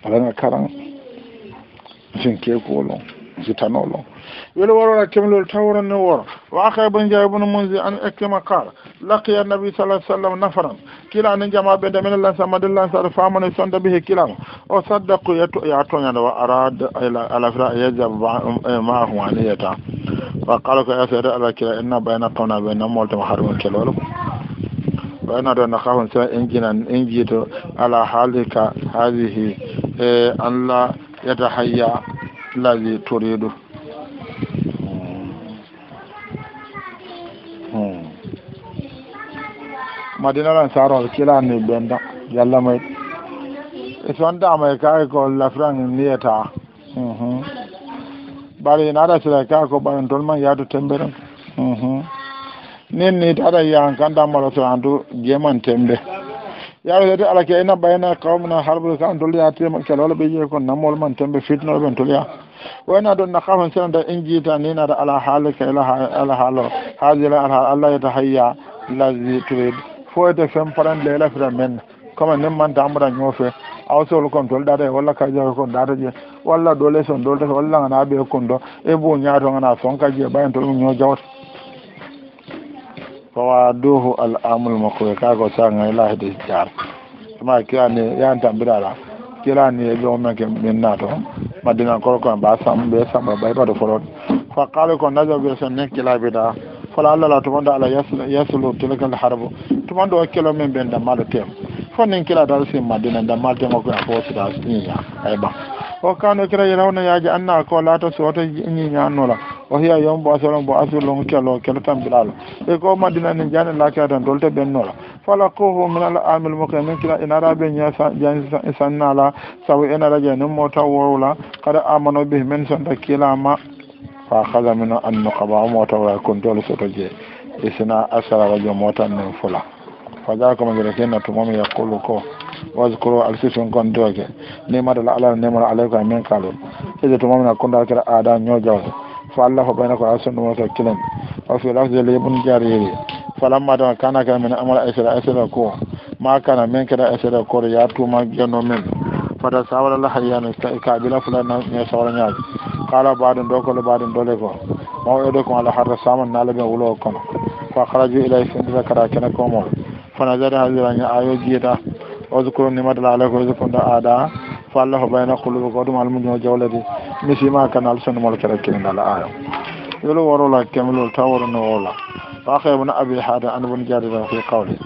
alana karan zitanolo wa munzi an nabi sallallahu alaihi wasallam nafaran kila an jama be de min lan fama ne kila o ya to ya to nyada ala ala fira yajab ma'ahu aniyata wa kala ko yasede ala kila inna ɓayna kawna ɓe nammoltema haɗumen keloolo ɓayna ɗo naka hon sima injinan injiido ala haalika haalihi e anla yata hayya lazi turiɗu hmm. hmm. madinalan saron kilani ɓenda yalla mayɗ e, son damay kaake ko lafran niyeta hmm, bare yana da sira ka ko baran man ya to tembere mhm nin ta tada ya kan da mara to andu man tembe ya wala da alake ina bayana na harbu kan dole ya te man kalol be je ko namol man tembe fitno ben to ya wana don na kafan sanan da inji ta ne na da ala halika ila ala halo hajira ala Allah ya tahayya lazi turid fo e ta fem paran lela fira men kama nin man da amra nyofe awso ko kon dole da wala ka je ko dada je walla ɗo leson ɗo leso walla gana ɓe kondo e bo ñaato gana sonkaji e ɓayen to duhu ño jawta fawaduhu al'amul makoye kago sanga e la hede jar ma ne ya kirani yan tambirala kirani e ɓeo men ke min nato madina korko en ɓa sam ɓe samba ɓay ɓaɗo folot fa kala ko najaɓe sen nen kilabida fala allah la tumanɗo ala yaslu tilkal harbo tumanɗo hokkilo men ɓen dammaɗo tem fo nin kila dal sim madina da tema koye ko fo sita ñiña ay ɓan hokkano kira yirawna yaaji anna ko laato soto ñiñannola o hiya yombo asolon bo asurlon kello kelo tan bilala e ko maddinani jani lakeadan dolte ɓennola fala kohu min al amil moke min kira ina araɓe ñi sannala saabu ina radia nin mo taw worwla kada amano bih min sonta kilama fa kada mino annukaba omo tawra kuntol soto je e sina asara radio mo tan nin fula fajakomajire kinna tumomi yakkulu ko ne ma kon doge ne alal nimal a min kalol ide tumamina kunda kira aada ñojawo fa Allah allafa baynako asunɗumo ko kilen o fi lafde lebun jariri falamma tama kana kana min amala aysira da ko ma ka na min kira aysira koro ya tuma genno min fata sawala la hayyano kabila fulana ñe sawra ñaaji kala baɗum ɗo kolo baɗum dole ko mawɗo ko ala harta saman naalaɓe wulo kono fa haraju ilay findita kara kene komol fana zara hajirani ayo jiita واذكروا نعمة الله عليكم ويزكم دعاء فالله بين قلوبكم ودم المجنون جولدي مسيما كان ألسن ملكة كلمة على آية يلو ورولا كملو تاور نورولا فأخي ابن أبي حادا أن ابن جارد في قوله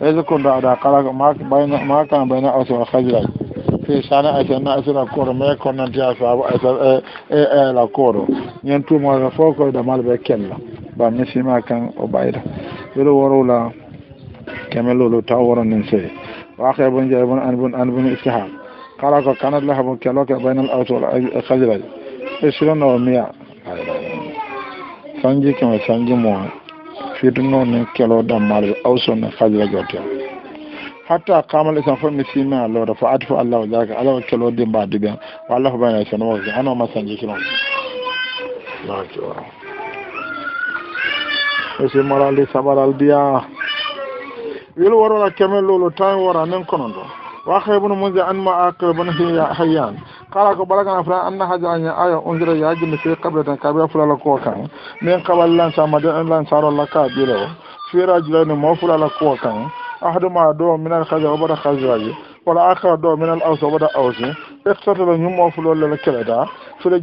ويزكم دعاء قال ما كان بين أوس وخزرج في سنة أتنا أتنا كورو ما يكون نتيا فابو أتنا أتنا لا كورو ينتو ما فوق دمال بكلا بمسيما كان أبايدا يلو ورولا كملو تاور ننسيه وأخي بن جاي بن أن بن أن بن إسحاق قال كانت لها كلوك بين الأوس والخزرج عشرون ومئة sanji kɛmɛ sanji mugan fitinɛw da mali aw sɔn ni hajira jɔ tɛ hatta kamale san fo misi mɛ a lɔrɔ fo ati fo ala o jaka ala ko kɛlɛw den b'a dibi wa ala fo ma sanji yel warola keme lolu tan wara nen kononto wa xebunu mun ze anma ak ban hiya hayyan qala ko balagana fra anna hajanya aya onzira ya jinn fi qablatan kabira fulala ko kan men qabal lan sa ma den lan saro la ka bilo fi rajulani mo fulala ko kan ahduma do min al khajra bada khajra wala akhra do min al awsa bada awsi ɓettotolo ñummo fulollele keɓeta fule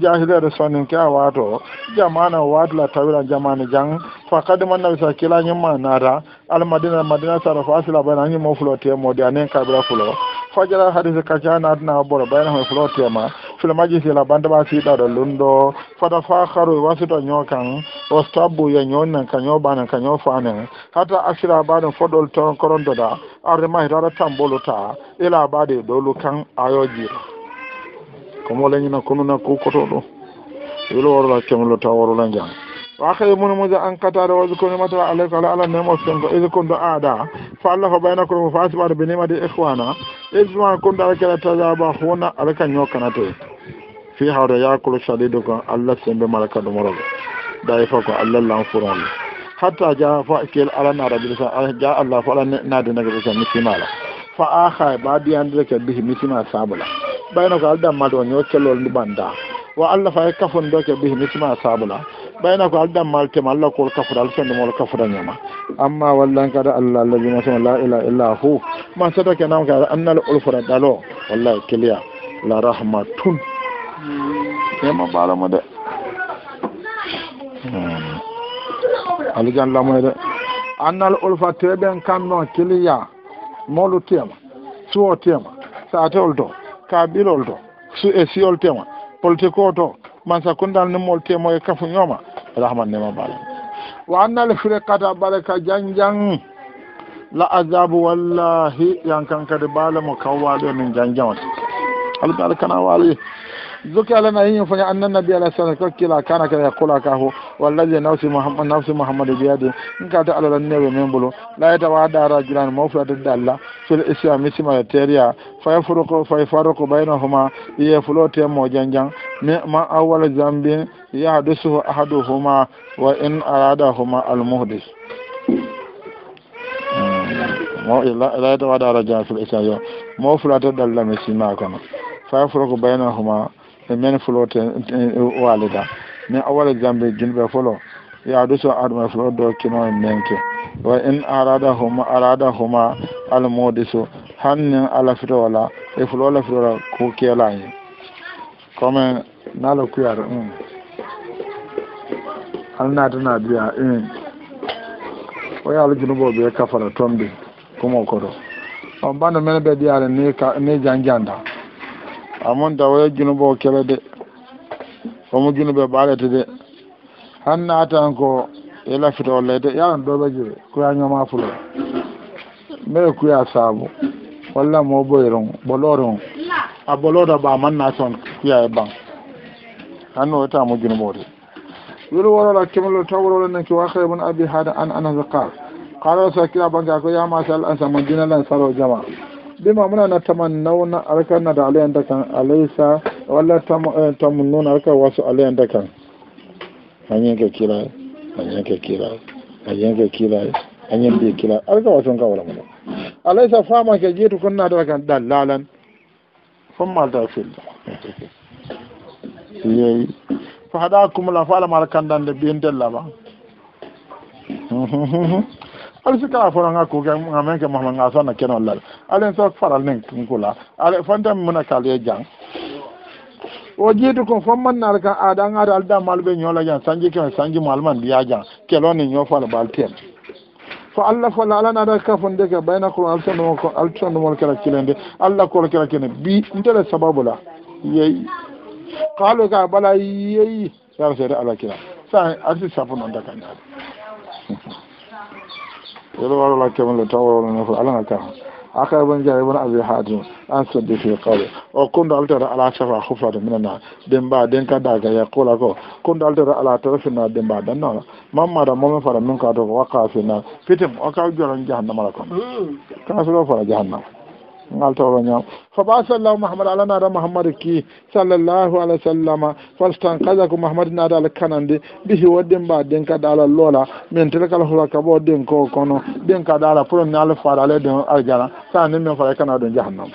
sonnin ke a waato jamana la tawira jamane jang fa kadima nabi sa kila ñumma naata almadina madina sara fa asila bayna ñummo fulo temode anen kabira fulo fajara hadise kaca naatana boro bayna hoe fulo tema fila majisila bandaba siɗaɗo lunɗo fata fa haru wasito ño kan o stabbu yo ñonnen ka ño ɓanen ka ño fanen hata asira baɗen foɗol ton korondoɗa arde ma hitata tambolu ta ila baɗe dolu kan ayo jira komo lañina kono na ko kukoto ɗo yilo worola kemlo taw worola jang wa kay mun mo an katare wa zikoni matala ala ala ne mo sen ko e zikon do ada fa alla fa bayna ko fa asba de benema de ikhwana e zuma kon da kala ta da ba hona ala kan yo kanato fi hawra yakulu kulu shadidu ko alla sen be malaka do moro da e fa ko alla lan furon hatta ja fa kel ala na rabbi sa ala ja alla fa ala na de nagare sa misimala fa akha ba di andre ke bi misima sabula. بين قلدا مالو نيو تشلول ني باندا و الله فاي كفون دوك بي نيسما صابلا بين قلدا مال تي مالا كول كفر ال سند مول كفر نيما اما والله قد الله الذي ما لا اله الا هو ما ستك انا قال ان الالفر دالو والله كليا لا رحمه تون كما بالما ده علي جان لامو ده ان الالفر تبن كان نو كليا مولو تيما سو تيما ساتولدو kaɓirol to e siol tema politique o to sa kundal nimol temo e kafu ñooma rahman nema bala wa annal firqata baraka la azabu wallahi yankan kadi bala kawwaɗo min jang al' albarkana wali. zuka lana yin fanya annan nabi ala sana kakila kana kana ya kula kaho wallazi nausi muhammad nausi muhammad la ya tawa da ra da ya teriya fa yafruqu fa yafruqu bainahuma ya fulote mo janjan mi ma awwal zambi ya e men fulote walida min awala jambe julɓe folo yaduso aduma fulo do kino e menke wa in arada huma arada huma almodiso hannin ala fito wala e fulo la fitora ko kelaye comme nalo kuyar um mm. alnatana biya um mm. o yaalo biya kafara tombe kumo koto on ɓanno mene ɓe ɗiyare ni janganda amon da waya junubo kele de ko omo junube ɓaalete de hanne tan ko e de ya do yaran ɗoɓe ko ya nyoma fulo me ku ya sabu walla mo ɓoyron ɓolore on a ɓolore ba man na son kuya e ban hanno o tamo junubode wiru worola kemlo tawrolo nenki wakhre bon abi hada an anas qal qala sa kila banga ko ya ma sal an sa mo dinalan saro jama bima muna na taman nauna alkan na da aliyan da kan alaisa wala eh, tamannun alkan wasu aliyan da kan hanyar ka kira hanyar ka kira hanyar ka kira hanyar da kira alkan wasu ka wala mana alaisa fama ka je tukunna da kan dalalan fun mal da fil yayi fa hada kuma la fa'ala mal kan dan da biyan dalla ba alisi kala fo k'a ko kɛ ngamen ke mahla nga sa na keno la alen sa faral nen la. ale fanta muna kale jang o jiitu n fomman nar kan aɗa gaata alda malɓe ñoola jan sanji kem sanji malman liya jan keloni ñoofala baal tem fo allah fo laalana aɗa kafonde ke ɓayna ko altondomol ko altondomol kelen de. Ala kɔrɔ kela kelen bi ntele sababu la yeyi kaalo ka bala yeyi yarasede ala kila sa arti sappo noon dakannaade يروى الله كمن لتوى ولنفر على نكاح أخي بن جاري بن أبي حاتم أن سدي في قوله وكنت ألتر على شفا خفرة من النار دمبا دينك داك يقول أكو كنت ألتر على طرف النار دمبا دنا مما دا مؤمن فرا منك وقع في النار فتم وقع جرن جهنم لكم كان سلوفر جهنم ngal toro ñam fa ba sallahu mahamad ala naata mahamadu ki sallallahu alah w sallama fastan kaja ko mahamadi naata ala kanande bisi wo ɗimba ɗin kada ala lola min tel kala hura kabo ɗin ko kono ɗin kada ala pour ni ala faada ala ɗin sa sani min fara kana ɗon jahannam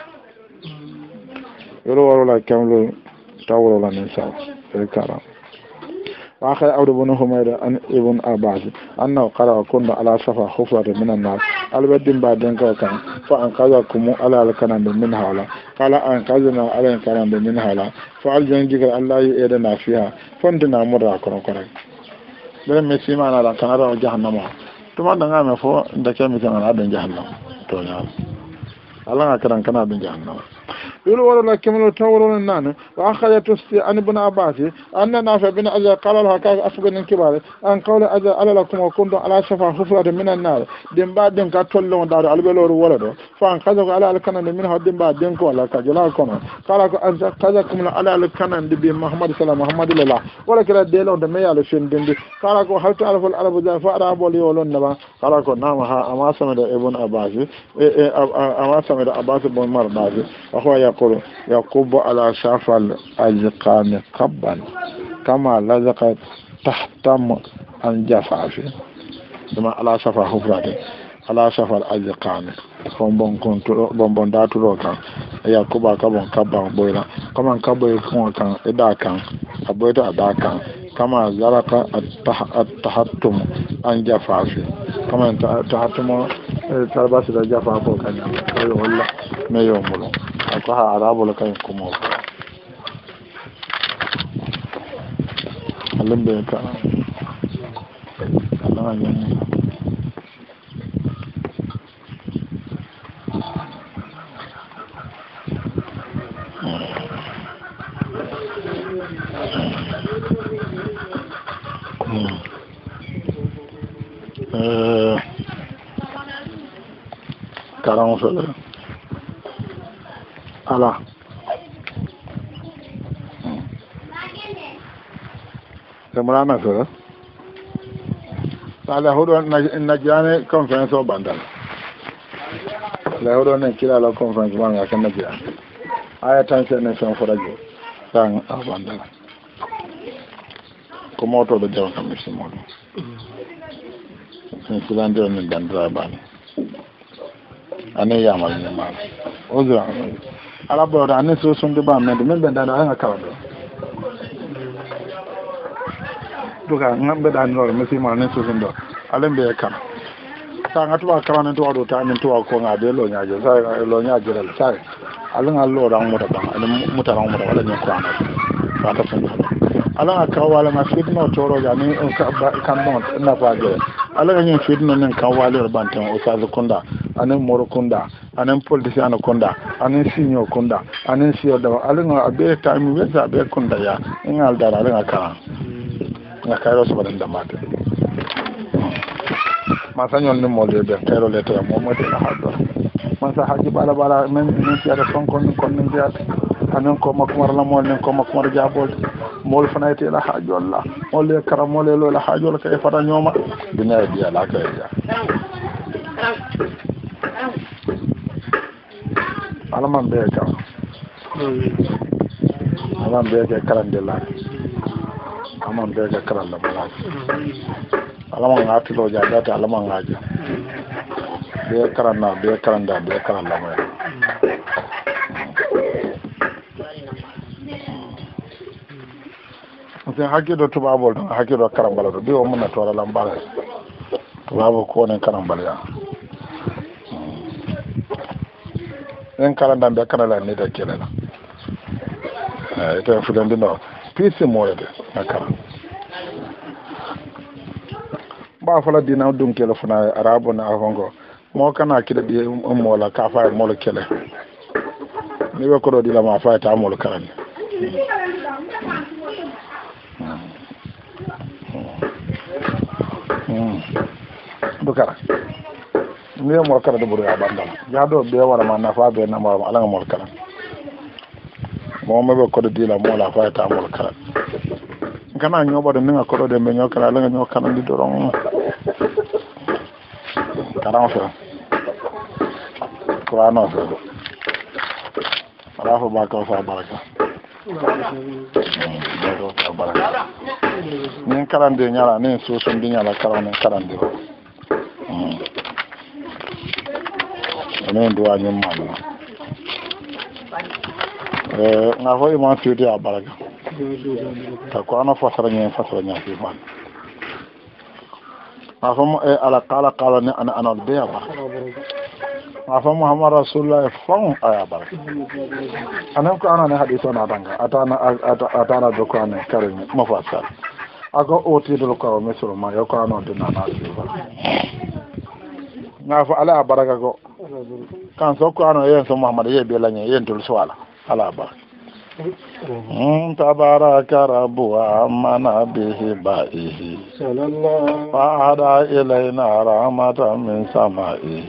yoro warola kemlo tawrola min sawa e karam وآخر عبد بن حمير أن ابن أباس أنه قال وكنت على صفا خفرة من النار البد بعدين كان فأنقذكم على الكلام من هؤلاء قال أنقذنا على الكلام من هؤلاء فألجن جيكر الله يدنا فيها فندنا مرة كنا كنا بل مسيما على كان رأى جهنم ثم da nga me fo da جهنم kan ala ben jahannam to nyaa ala يلورون كمل تورون نان وأخرجت عن ابن عباس أن نافع بن أجر قال لها كاك أخبر من كبار أن قول أجر على لكم وكنتم على شفا حفرة من النار دين بعد دين كتولون دار على بلور ولدو فأنقذك على الكنن منها دين بعد دين كولا كجلا كنا قال أنقذكم على الكنن دي محمد صلى محمد لله ولكن ديلون دمي على فين دين قال هل تعرف العرب ذا فأرى بولي ولون نبا قال نعم ها أما سمد ابن عباس أما سمد عباس بن مرمازي وهو يقول يقب على شاف الأزقان قبا كما لزق تحتم عن جفافه كما على شفا حفرته ala safar azikane fon bonbon daturo kan ya kuba ka bon kabban boyla kama ka boy kun kan ida kan aboyta ada kan kama zaraka at-tahattum an jafasi kama tahattum eh, tarbasi da jafa ko kan ayo walla me yo mulo ko ha arabul kan kumo alambe ka Allah ya Caramba, olha ah lá. Demorando, senhora. Olha, eu vou na Giane, conferência ou bandana. la hoɗo ne kiilala conférence ma ga kenno biya aya tan sene fen foradio kan abandala ko motoɗo jawa kam mi simoɗum sen silande o ni dandira bani ane ba ne ne ya maala osa ala da ane so sunde ba mede min da ndaɗo an kawa ɗo duka gamɓeɗaninoɗo mi simo ane so sunde o ala ya kama sa nga tuba karane tuwa do ta min tuwa ko nga lo nya je sai lo je dal sai alun allo lo mu da ba ani mu ta mu mo wala ni qur'an ba ta san ala nga ka wala ma fit no toro ga ni kan don na fa je alun yin ni fit no nin kan wala ban tan o sa kunda anan moro kunda anin politician kunda anan sinyo kunda anan senior da alun a be time we sa be kunda ya in al dara alun aka kara na kairo su badan da mata masañol ni molde ɓe teero le tee momodeno haɗɗo ma sa haji ɓala ɓala min min fiyata fonko min kon min mbiyata amin ko makoumara lamol min ko makoumara jabolde mol fanayteɗa ha jolla molle kara molle loyla ha jolla ka e fata ñooma bina e ɗiyala ka e ɗiya alaman mbeye kam alaman mbeyeke karandillaki alaman mbeyeke karallamolaki alama nga tilo ja da alama karan ja be karanda be da be karanda mo sen hakkiɗo tubabol tan da karambala to ɗi o mumna toralan mbala tubabo ko karan karambala ya karan en karandan ɓe ke ni eh, ita kelela eyi ten pc piisi da na karan a fala dina dum kele funa arabo na hongo mo kana kida bi mo la ka fa mo kele ni be ko do dila ma fa ta mo kala ni dukara ni mo kara do buru abanda ya do be wara ma na fa be na mo ala mo kala mo mo be ko do dila mo la fa ta mo kala kana nyoba de ninga ko do be nyoka la nga nyoka ndi dorong karan fɛ kuran nɔ fɛ a b'a fɔ bakaw fa ndị bakaw na baraka ni kalanden ɲala ni sosun bi ɲala kalan ni kalanden ani duwa ni malu eh nga fɔ imam sudi a ma fo eh, ala kala kala ne ana anal be ya bara ma fo muhammad rasulullah fon aya bara anan ko ana ne hadisa na danga atana atana do ko ne kare ne ma fa sa aga oti do ko me so ma yo ko ana do na na na fo ala baraka go kan so ko ana yen so muhammad ye be la ne yen tul so ala ala baraka تبارك رب وأمن به بائه فأهدى إلينا رحمة من سمائه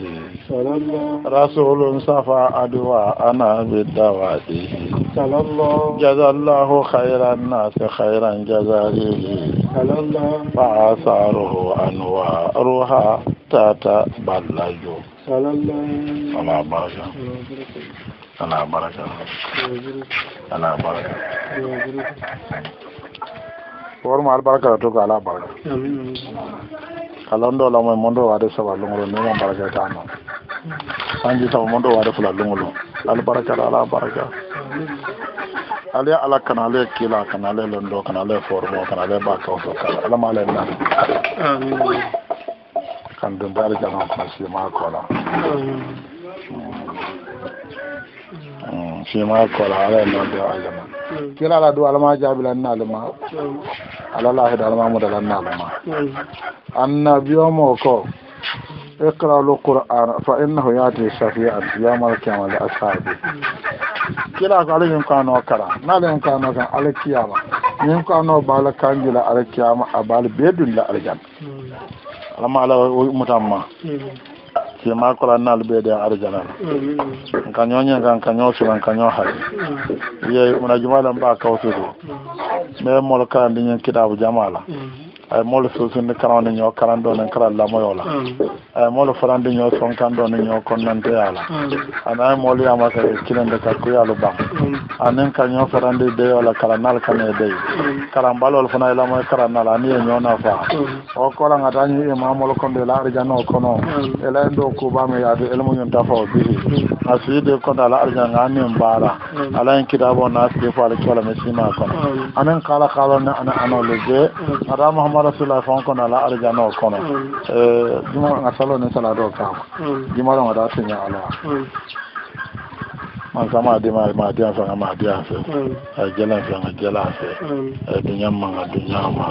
رسول صفى أدواءنا بدوائه جزى الله خير الناس خيرا جزائه فآثاره أنوارها تتبلج صلى الله عليه وسلم ana baraka ana baraka worma albaraka to ko ala baraka kala ndo la moy mondo wade saba lungolo ni mon baraka ta no sanji taw mondo wade fula lungolo albaraka ala baraka ale ala kana ale kila kana ale londo kana ale formo kana ale ba ka so kala ala ma ale na kan dum baraka na ko sima ko la Hmm, shi ma kola ala e noon ɓe o alima kila ala du alama jaabilannali ma alalahido alama na alama mudalannali ma biyo omo ko iqra'ul qur'an fa innahu yati shafi'an yawmal qiyamah li ashabi kila ko alayhim kano kara na nalayhim kano kan alkiyama min kano bala kanjula alkiyama abal bedun la aljan alama ala mutamma si makola nal ɓeede arjanan kañoo ñen kan kañoo sinan kañoo hayi yeey mona jumaɗan ɓa kawtude mais molkaa ndiñin kiɗaabo jamala ay eh, molo so moolu karaw karaŋo ñoo karandoo do kara lamoyoo la moyo la ay ah. eh, molo faran farandi ñoo son kan do niŋ ñoo kon nan te la ah. ana ay molo ya ma sey ci len de ka kuyaalu ba ah. aniŋ ka ñoo faran farandi de la kara nal ka ne de nee deyi karambalolu fana la moy kara nal aniŋ ye ñoo ko la nga ŋa taa ma molo kon de la ko no e la ndo ba me ya de el yaatu ilmu ta fa bi a su de ko da la arijan ŋa aniŋ baara ala ye kitaaboo naa sigi fo ali kiwo la misimaa kono aniŋ kaala kaaloo na ana ana anolu jee adamahamu amara sula fon kono ala arja no kono juma ngasalo ni sala do ka juma ro da tinya ala man sama di ma ma dia fa ma di afa ay jela fi ma jela fa ay dunya ma ma dunya ma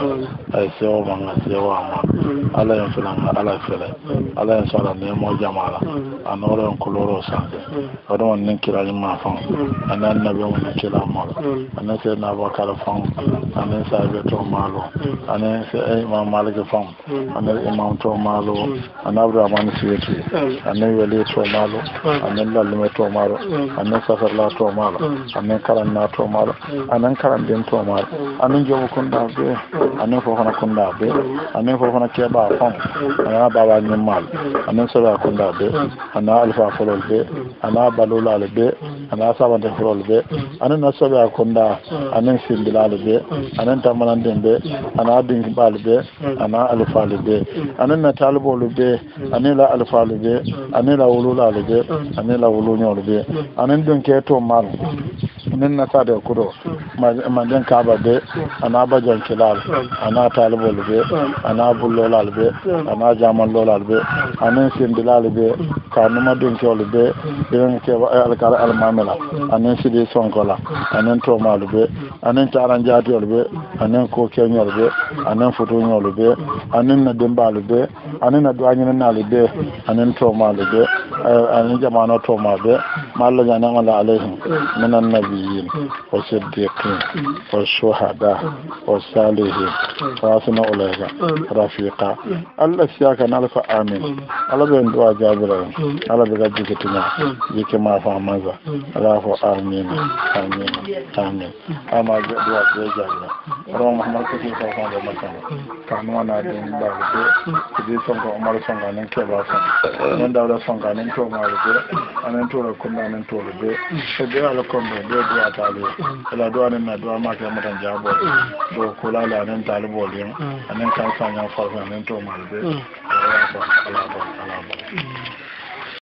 ay sewa ma ma sewa ma ala yan fela ma ala fela ala yan sala ne mo jamala anoro en koloro sa odo man nin kira ma fa anan na be mo kira ma anan se na ba kala fa anan sa be to malo anan se ay ma malike fa anan imam to malo anan abdurrahman siyati anan wali to malo anan lalume to malo anan anin sasalla tomala anin karanna tomala anin karanden tomala anin jobu kunda be anin fofana kunda be anin fofana keba fam ana baba nyimmal anin sala kunda be ana alfa folol be ana balulal be ana sabande folol be anin nasabe kunda anin simbilal be anin tamalanden be ana dinkibal be ana alfalu be anin na talibolu be anin la alfalu be anin la wululalu be anin la wulunyolu be anin don ke to mal nin na sa da kuro manjan kaba de ana bajan kilal ana talibol be ana bullolal be ana jaman lolal be anin sindilal be kanuma don ke ol be irin ke alkar almamila anin sidi sonkola anin to mal be anin taran jati ol be anin ko kenyol be anin futu nyol be anin na dimbal be anin na duanyin nal be to mal be eh, jamano to mal mallo janan عمل عليهم من النبيين والصديقين والشهداء والصالحين راسنا أولئك رفيقا الله سياك نالك آمين الله بين دعا جابر الله بقى جيكتنا جيك ما فهمزا الله آمين آمين آمين أما دعا جابر رو محمد كتير سوكان بمكان كانوا أنا دين الله كتير سوكان عمر سوكان نكي باسم من دولة سوكان نكي عمر سوكان نكي عمر سوكان نكي عمر سوكان نكي de e de ala kondo de do atali ala do anen na do ma ke matan jabo do ko la la anen talibo de anen kan sanya fa anen to mal de ala mm. ba ala ba ala ba